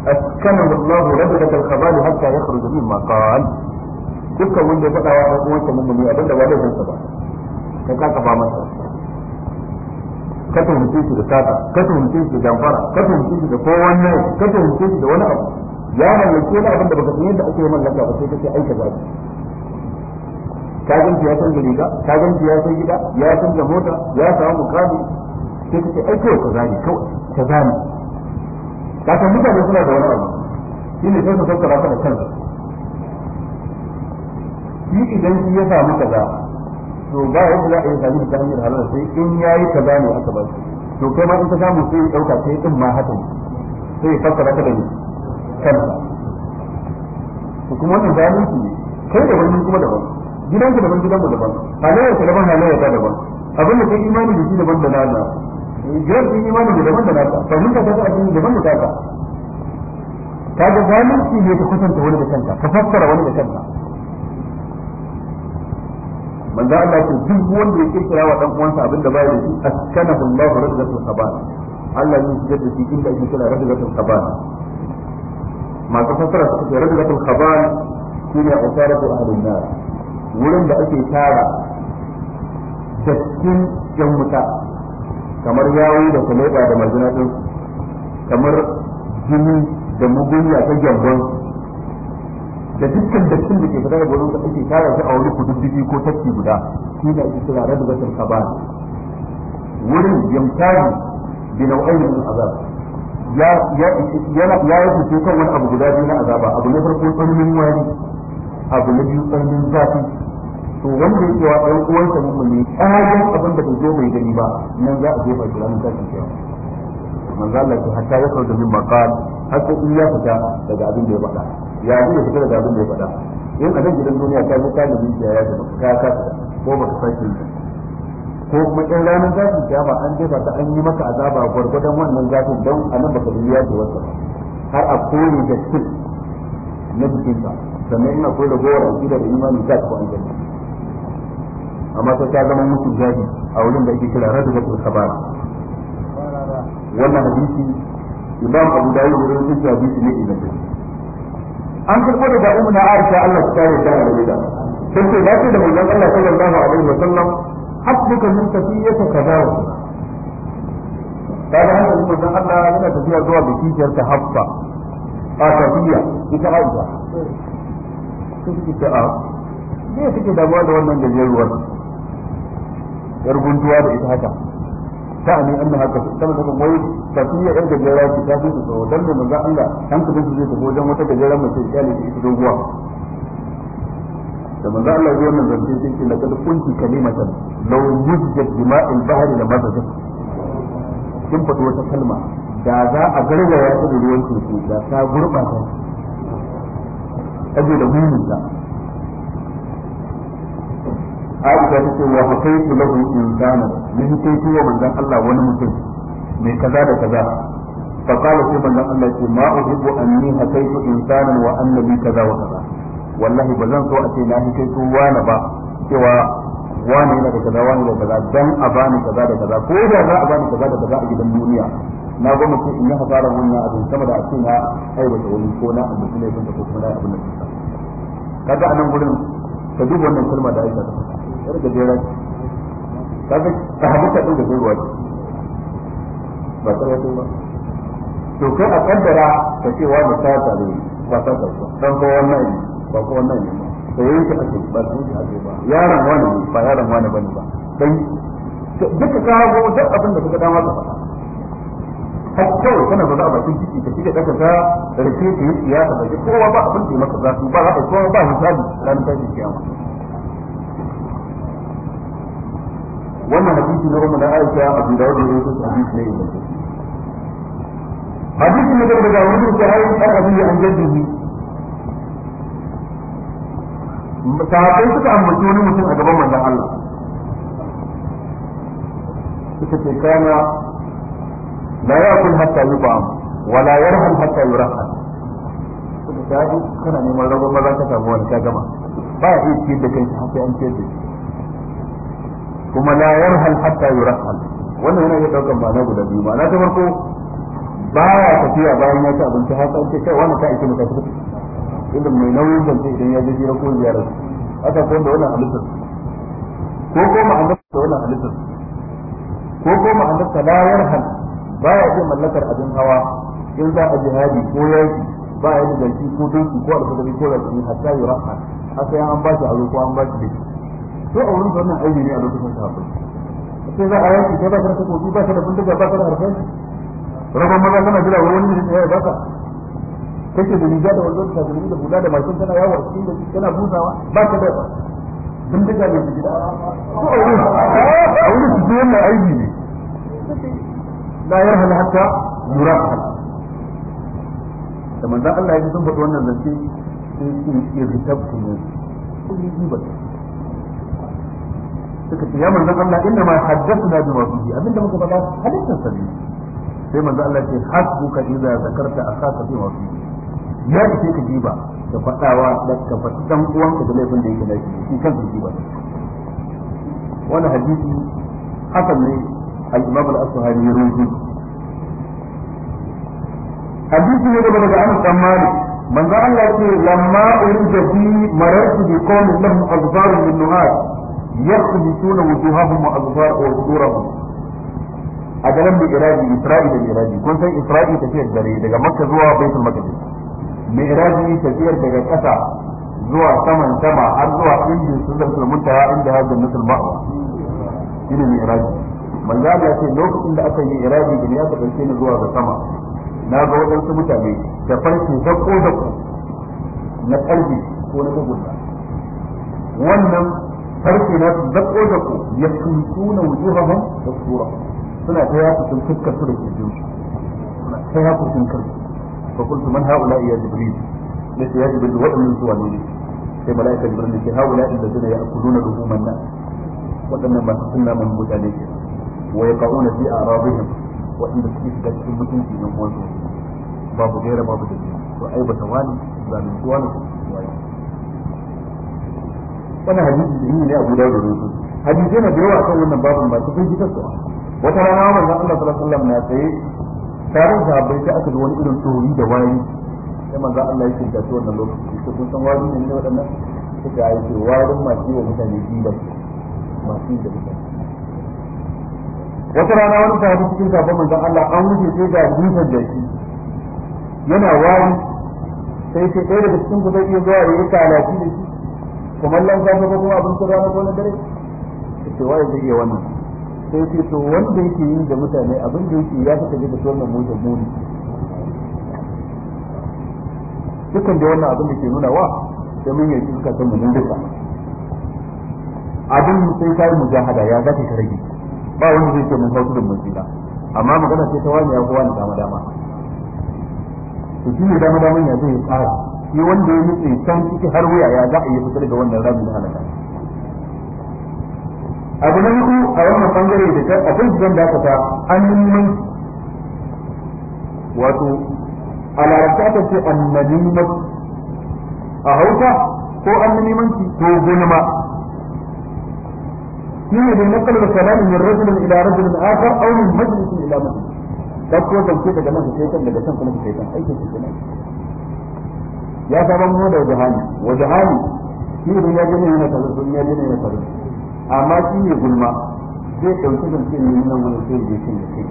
askanahu Allah rabbatul khabal hatta yakhruj min ma qala dukkan wanda ya faɗa wa ɗan uwansa mummuni abinda ba laifin sa ba ka kaka ba masa ka tuhumce shi da sata ka tuhumce shi da damfara ka tuhumce shi da kowanne ka tuhumce shi da wani abu ya mallake wani abin da baka san yadda ake mallaka ba sai kace aika ba shi ka ganci ya san riga ka ganci ya san gida ya san da mota ya samu mukami sai kace ai kawai kaza ne kawai ka zani ka san mutane suna da wani abu ne sai ka saukara ka da kansa shi idan shi ya samu kaza to ba yadda za a yi zalimi ta hanyar halal sai in yayi ka bani aka ba to kai ma in ka samu sai ya dauka sai din ma hakan sai ya fassara ka da ni kanka to kuma wannan zalunci ne kai da wani kuma daban gidanka daban gidanmu daban halayya ka daban halayya ta daban abin da kai imani da shi daban da nana gidan kai imani da daban da ka fahimta ta ta addini daban da taka kaga zalunci ne ka kusanta wani da kanka ka fassara wani da kanka manzo Allah ce duk wanda ya kirkira wa dan uwansa abin da bai da shi askanahu Allah rajulatul khabar Allah ne ya da shi inda ake kira rajulatul khabar masu fasara su ce rajulatul khabar shine usaratu ahlun nar wurin da ake tara dattin yan wuta kamar yawo da kulaiba da majina din kamar jini da mugunya ta gyambon da dukkan dattin da ke fita daga wurin kasa ke tara shi a wani kududdigi ko tafki guda shi ne ake kira da batul kabar wurin yamtari bi nau'ayn min azab ya ya yana ya yi fito kan wani abu guda biyu na azaba abu na farko tsananin wani abu na biyu tsananin zafi to wanda yake wa ɗan uwansa mummuni ƙayan abin da bai zo mai gani ba nan za a jefa shi ranar tashin kiyama manzo Allah ya hatta ya kauda min maqal har sai in ya fita daga abin da ya faɗa ya ji da fitar da abin da ya faɗa in a nan gidan duniya ka zo da zuciya ya tafi ka ka ko ba ka sake yi ko kuma in ranar zafin ba an jefa ta an yi maka azaba gwargwadon wannan zafin don a nan baka duniya ce wata har a koyi da skill na jikinka sannan ina koyi da gowar cikin da imanin ka ko an gani amma sai ta zama mutum zafi a wurin da ake kira radu da kabara wannan hadisi imam abu dawud wurin sun hadisi ne idan an karɓo daga ummu na Aisha Allah ta kare ta da gida sai ce da da manzon Allah sallallahu alaihi wa sallam hasbuka min tafiyata kaza wa kaga haka manzon Allah yana tafiya zuwa bikiyar ta haffa a tafiya ita Aisha sai ki ta a me kike damuwa da wannan gajeruwar yar gunduwa da ita haka sha'ani an haka kana da mai tafiya yar gajera ki ta fi tsoro dan da manzo Allah an ka dace zai tafi wajen wata gajera mace kyale ki doguwa da manzo Allah ya wannan zance sai ce laqad kunti kalimatan law mujjat dima'il bahri la mazajat kin fadi wata kalma da za a garwaya ta ruwan teku da ta gurbata saboda Aisha ta ce wa hakaitu lahu insana min kaitu wa manzon Allah wani mutum mai kaza da kaza fa qala sai manzon Allah ce ma uhibbu anni hakaitu insanan wa annabi kaza wa kaza wallahi ba zan so a ce na hakaitu wani ba cewa wani yana da kaza wani da kaza dan a bani kaza da kaza ko da za a bani kaza da kaza a gidan duniya na goma ce in yi hasarar wannan abin sama da a ce na aiwata wani ko na abin da ne ko kuma na abin da kaga nan gurin ka duba wannan kalma da Aisha ta faɗa har da jera kaga sahabata din da gurwa ba ta wato ba to kai a kaddara ka ce wani sata ne ba sata ba dan ko wannan ne ba ko wannan ne ba to yake ake ba su ji ake ba yaron wani ne ba yaron wani ba ne ba dan duka kawo duk abin da suka dama ka faɗa har kawai kana zaune a bakin ciki ka shiga ƙasa ta rike ta yi siyasa ba kowa ba abin da ya maka zafi ba za a kowa ba misali ranar tashin kiyama wannan hadisi na umma na aisha a abu dawud ne yake hadisi ne yake hadisi ne daga da wani da ai an abi an jaddihi sahabbai suka ambaci wani mutum a gaban manzon Allah suka ce kana la yakul hatta yubam wala yarham hatta yuraham suka ce kana neman rabon maza ka samu wani ka gama ba ya iya ciyar da kai har sai an ciyar da shi kuma la yarhal hatta yurhal wannan yana iya daukan ma'ana guda biyu na ta farko ya tafiya bayan ya ci abinci har sai kai wannan ka ake maka tafi idan mai nauyin zance idan ya je jira ko ziyara haka ko da wannan halittar ko ko ma'anar da wannan halittar ko ko ma'anar ta la yarhal ya ji mallakar abin hawa in za a jihadi ko yaki ba ya ji ko doki ko alfadari ko rakumi hatta yurhal haka ya an ba shi a ko an ba shi dai to a wurin wannan aiki ne a lokacin sahabbai sai za a yanki ko ba ka da kofi ba ka da bindiga ba ka da harfai rabon maza kana jira wani ne ya baka kake da riga da ta ka da hula da mashin tana yawo a cikin da kana busawa ba ka da ba bindiga ne ki gida a wurin su wannan aiki ne la yarhala hatta yurahal da manzon Allah ya yi sun faɗi wannan zance sai ya zitabtu ne kun yi ba suka ce ya manzon Allah inna ma haddathna bi ma fihi abinda muka faɗa hadisin sa ne sai manzon Allah ce hasbuka idza zakarta akaka bi ma fihi ya ce ka jiba ka faɗawa da ka faɗi dan uwanka da laifin da yake da shi shi kansa jiba wani hadisi hasan ne al-imam al-asfahani ya rawaito hadisi ne daga daga Anas bin Malik manzo Allah ce lamma urida bi marartu bi qawmin lahum azbarun min nuhat yakhbituna wujuhahum wa azfar wa sudurahum a garin da iraji isra'i da iraji kun san isra'i tafiyar dare daga makka zuwa baitul maqdis da iraji tafiyar daga ƙasa zuwa saman sama har zuwa inda sunan muntaha inda hajjar musul ma'awa shine mai iraji manzo ya ce lokacin da aka yi iraji da ya tafi ni zuwa ga sama na ga waɗansu mutane na ko na wannan farko na su dako da ku ya tuntuna wujuhahum da sura suna ta yaku sun fuskar su da kirjin su suna ta yaku sun kar fa su man haula ya jibril ne ya jibril wadannan su wani ne sai malaika jibril ne haula inda suna yakuluna ruhuman nan wadannan masu suna mun mutane ke wa yaqauna fi a'radihim wa inda suke shiga cikin mutunci ne ko babu gaira babu dalili to ai ba tawani zalunci wani ko wani wannan hadisi da yi ne abu da rubutu hadisi na da yawa kan wannan babin ba su kai kasuwa wata rana manzon Allah sallallahu alaihi wasallam na tsaye tarin sahabbai sai aka ga wani irin tori da wani sai manzon Allah ya shirka shi wannan lokaci ko kun san wani ne ne wadannan suka yi ce warin masu yi mutane gidan masu yi da mutane wata rana wani ta sahabi cikin sahabban manzon Allah an wuce sai ga dutsen da shi yana wari sai sai ɗaya daga cikin ku zai iya zuwa ya yi kalafi da shi kumallon ka ko kuma abin rana ko na dare to waye zai iya wannan sai ce to wanda yake yi da mutane abin da yake ya fita da wannan mutum muni Dukkan da wannan abin da ke nuna wa sai mun yaki suka san mun duka abin sai kai mujahada ya zaka ta rage ba wanda zai ce mun sautu da musila amma magana ce ta wani ya kowa ni dama dama to shi ne dama daman ya zai tsara shi wanda ya nutse can ciki har wuya ya za a yi fitar da wannan rami na halaka abu na hudu a wannan bangare da ta akwai gidan da aka ta annabiman wato a larabta ta ce annabiman a hausa ko an annabimanci ko gunma shine da nakal da salamin min rajulin ila rajulin akhar aw min majlisin ila majlis dakko zance daga nan sai kan daga can kuma sai kan aikin shi kenan ya ta ban mu da jahani wa jahani shi ne ya gane yana kaza sun ya gane yana kaza amma shi ne gulma zai dauki zance ne nan wani sai da ke kai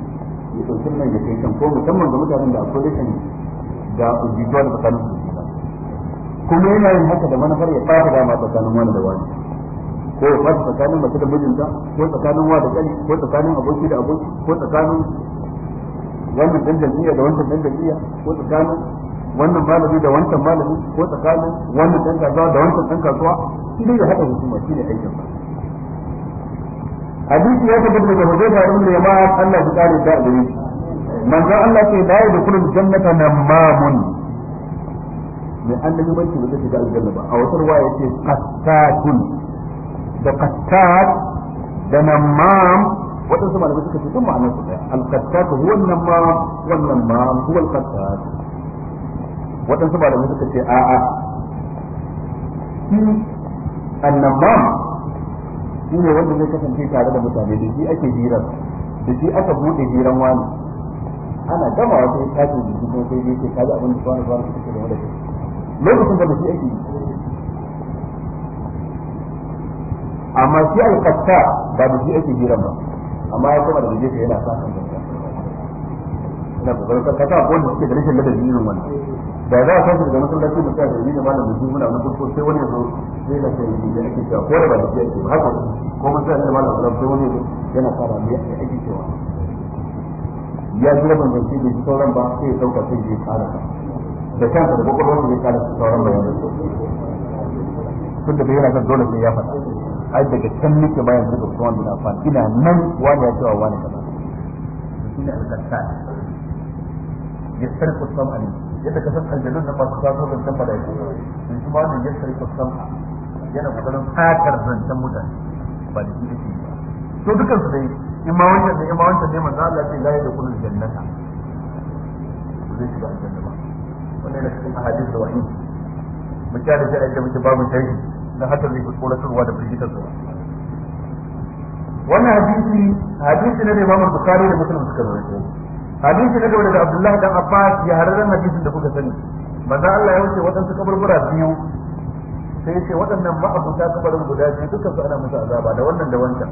ya dauki nan ya kai kan ko musamman ga mutanen da akwai rashin da ubijuwa da tsakanin su kuma yana yin haka da manufar ya fara dama tsakanin wani da wani ko ya fara tsakanin mace da mijinta ko tsakanin wa da kai ko tsakanin aboki da aboki ko tsakanin wannan dan jam'iyya da wannan dan jam'iyya ko tsakanin wannan malami da wancan malami ko tsakanin wannan ɗan kasuwa da wancan ɗan kasuwa shi ne ya haɗa hukuma shi ne aikin ba. hadisi ya tabbata daga Hudayfa ibn ma Allah ya kare da gare shi manzo Allah ce da ya dukul jannata mamun. mai an da ce da zai da aljanna ba a wata ruwaya yake qattatun da qattat da namam waɗansu malamai suka ce duk ma'anar su ɗaya al-qattat huwa an-namam wa an-namam huwa al-qattat waɗansu ba da mutu suka ce a'a shi annabam shi ne wanda zai kasance tare da mutane da shi ake jiran, da shi aka buɗe jiran wani ana gama wata tashin jiki ko sai dai ke kaji abin da kwana kwana suka game da shi lokacin da shi ake amma shi alƙasta ba da shi ake jiran ba amma ya kuma da jefe yana sa kan gaskiya ina kokarin ka ka ko da suke da rashin ladabi irin wannan da za a san su masallaci da sai da ni da na farko sai wani yazo sai da sai da ake cewa ko da ba da ake ba haka ko da sai wani yana fara cewa ya ji rabin zance da sauran ba sai ya sai ya kara da kanta da kokolwar da ya kara sauran bayanan tunda bai yana kan dole sai ya faɗa ai daga can nake bayan da Usman bin ina nan wani ya cewa wani kaza ina da tsaka ya sarku sam yadda ka san aljanun da masu sato zancen mala'iku in shi ma wannan yadda rika san yana kokarin fakar zancen mutane ba da shi da shi to su dai in ma wancan ne in ma wancan ne manzo Allah ce la ya da kullu jannata ba zai shiga aljanna ba wannan yana cikin ahadis da wahi mutane da da muke babu shaidi na hatar ne ko tsoratarwa da firgitar zuwa wannan hadisi hadisi ne da Imam Bukhari da Muslim suka rawaito hadisi daga daga Abdullahi dan Abbas ya hararren hadisin da kuka sani manzo Allah ya wuce wadansu kaburbura biyu sai ya ce waɗannan ma'abuta kabarin guda biyu dukkan su ana musu azaba da wannan da wancan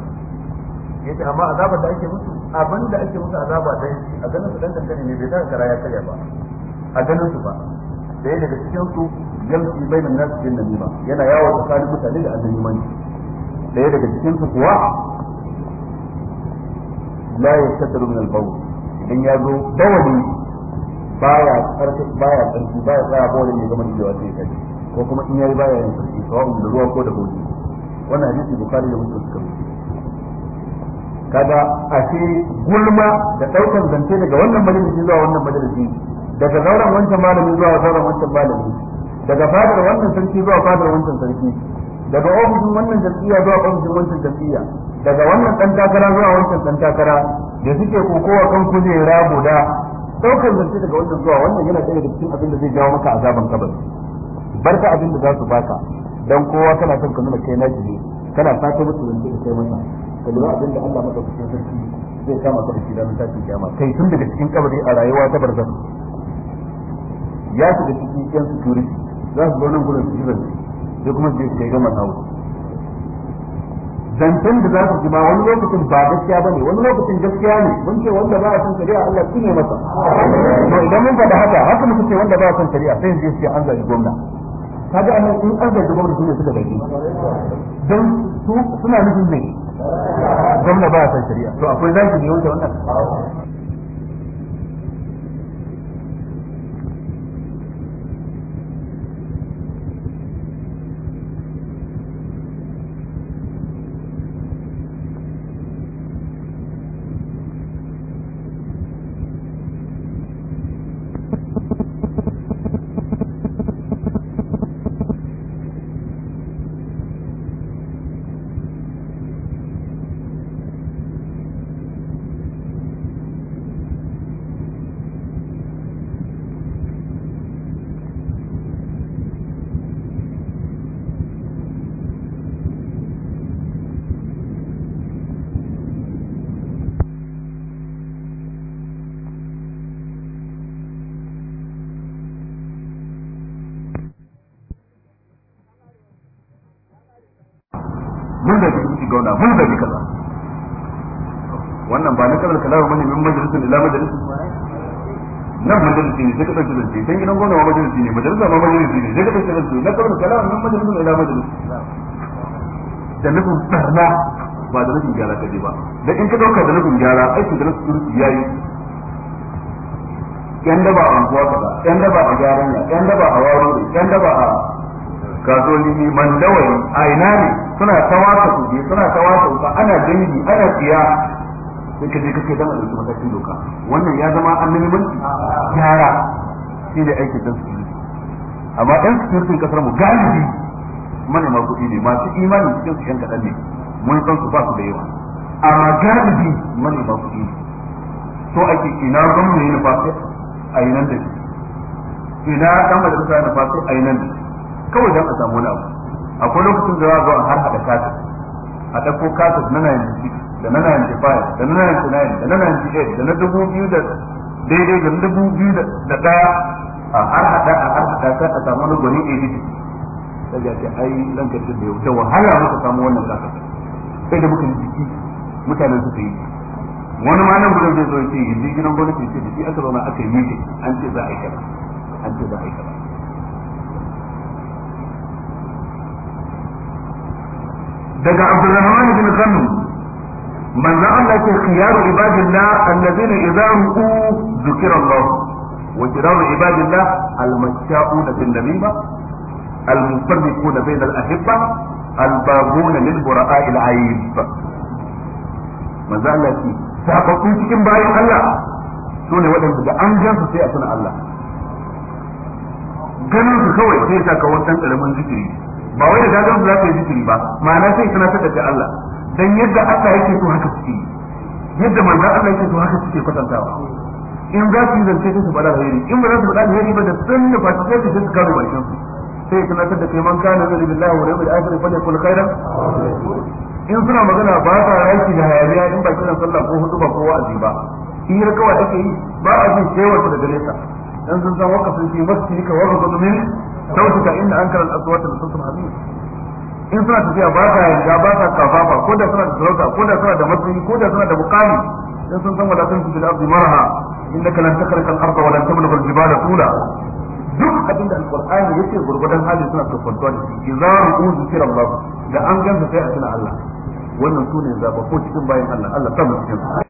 Ya ce amma azabar da ake musu abin da ake musu azaba dai a ganin su dan dangane ne bai san kara ya karya ba a ganin su ba da yake daga cikin su yamsi bainan nas bin namima yana yawo tsakanin mutane da annabi da yake daga cikin su kuwa la yastaru min al-bawl dan ya zo bawali baya karfi baya karfi baya tsaya bawali ne zama da sai kai ko kuma in yayi baya yin karfi wannan da ruwa ko da bauji wannan hadisi bukhari da muslim suka rubuta kaga ashe gulma da daukan zance daga wannan majalisi zuwa wannan majalisi daga zauren wancan malami zuwa zauren wancan malami daga fadar wannan sarki zuwa fadar wancan sarki daga ofishin wannan jam'iyya zuwa ofishin wancan jam'iyya daga wannan dan takara zuwa wancan dan takara da suke kokowa kan kujera guda daukar zance daga wannan zuwa wannan yana ɗaya daga cikin abin da zai jawo maka azaban kabari barka abin da za su baka dan kowa kana son ka nuna kai na jiri kana fata mutu da kai masa ka lura abin da Allah madaukakin sarki zai kama ka da shi ranar kiyama kai tun daga cikin kabari a rayuwa ta barzan ya shiga cikin yan security za su zo nan gurin su zai zai, kuma su je su kai gama hawa zancen da za su ji ba wani lokacin ba gaskiya bane wani lokacin gaskiya ne mun ce wanda ba a san shari'a Allah shi ne masa to idan mun faɗa haka haka muka ce wanda ba a san shari'a sai zai ce an zaji gwamna kaga annan in an zaji gwamna ne suka zaji don su suna nufin ne gwamna ba a san shari'a to akwai zaki ne wanda wannan majalisun ila majalisun nan majalisi ne sai ka ɗauki zance can gidan gwamna ma majalisi ne majalisa ma majalisi ne sai ka ɗauki zance na kawai kalam nan majalisun ila majalisi da nufin barna ba da nufin gyara kaje ba da in ka ɗauka da nufin gyara aiki da nufin ya yi yan daba a anguwa kaza yan daba a gyaran ya yan daba a waro yan daba a kasuwanni man dawai a ina ne suna tawasa kuje suna tawasa ka ana dangi ana tsiya sai ka je kake dan a matakin doka wannan ya zama an nemi Yara. shi ne aikin dan su amma ɗan sukirtin kasar mu galibi manema kuɗi ne masu imanin cikin su yan kaɗan ne mun san su ba su da yawa amma galibi manema kuɗi ne so ake ina gwamna yi nufa sai a yi nan da shi ina ɗan majalisa yi nufa sai a yi nan da shi kawai dan a samu wani abu akwai lokacin da za a zo har haɗa kasa a ɗauko kasa na na yanzu da na 95 da na 99 da na 98 da na dubu biyu da daidai da dubu biyu da daya a har hada a har hada sai a samu gwani a sai ga ce ai ka da yau da wahala muka samu wannan zaka sai da muka jiki mutanen suka yi wani ma nan gudun zai zo ce yanzu gidan gwamnati ce da shi aka zauna aka yi an ce za a yi kaza an ce za a yi kaza daga abdulrahman bin zannu manzo Allah ke khiyaru ibadillah allazina idza ru'u dhukira Allah wa khiyaru ibadillah al-masha'una bin namima al-mufarriquna bayna al-ahibba al-babuna lil bura'a al-ayib manzo Allah ke sababbu cikin bayan Allah sune waɗanda da an gansu sai a tuna Allah ganin su kawai sai ka kawo dan karamin zikiri ba wai da gagan su za ka yi zikiri ba ma'ana sai kana ta Allah dan yadda Allah yake so haka suke yadda manzon Allah yake so haka suke kwatantawa in za su yi zance sai su faɗa alheri in ba za su faɗa alheri ba da sunna ba sai su su kare bakin su sai ya tunatar da kai man kana da billahi wa rabbil alamin fa yakul khairan in suna magana ba sa raki da hayaniya in ba kiran sallah ko hudu ba ko wa'azi ba hira kawai take yi ba a jin cewar su daga nesa dan sun san wakafin fi masjidika wa ghadabin sautuka inna ankara al-aswat la sautul hamid in suna tafiya ba sa yarda ba sa kafafa ko da suna da sarauta ko da suna da matsayi ko da suna da bukami in sun san wadatun su bil ardi marha innaka lan takhriqa al arda wa lan tamliku al jibala tula duk abin da alqur'ani yake gurgudan hali suna tsofantuwa da shi idza ru'u zikra allah da an gansa sai a tuna allah wannan sune ko cikin bayan allah allah ta mu cikin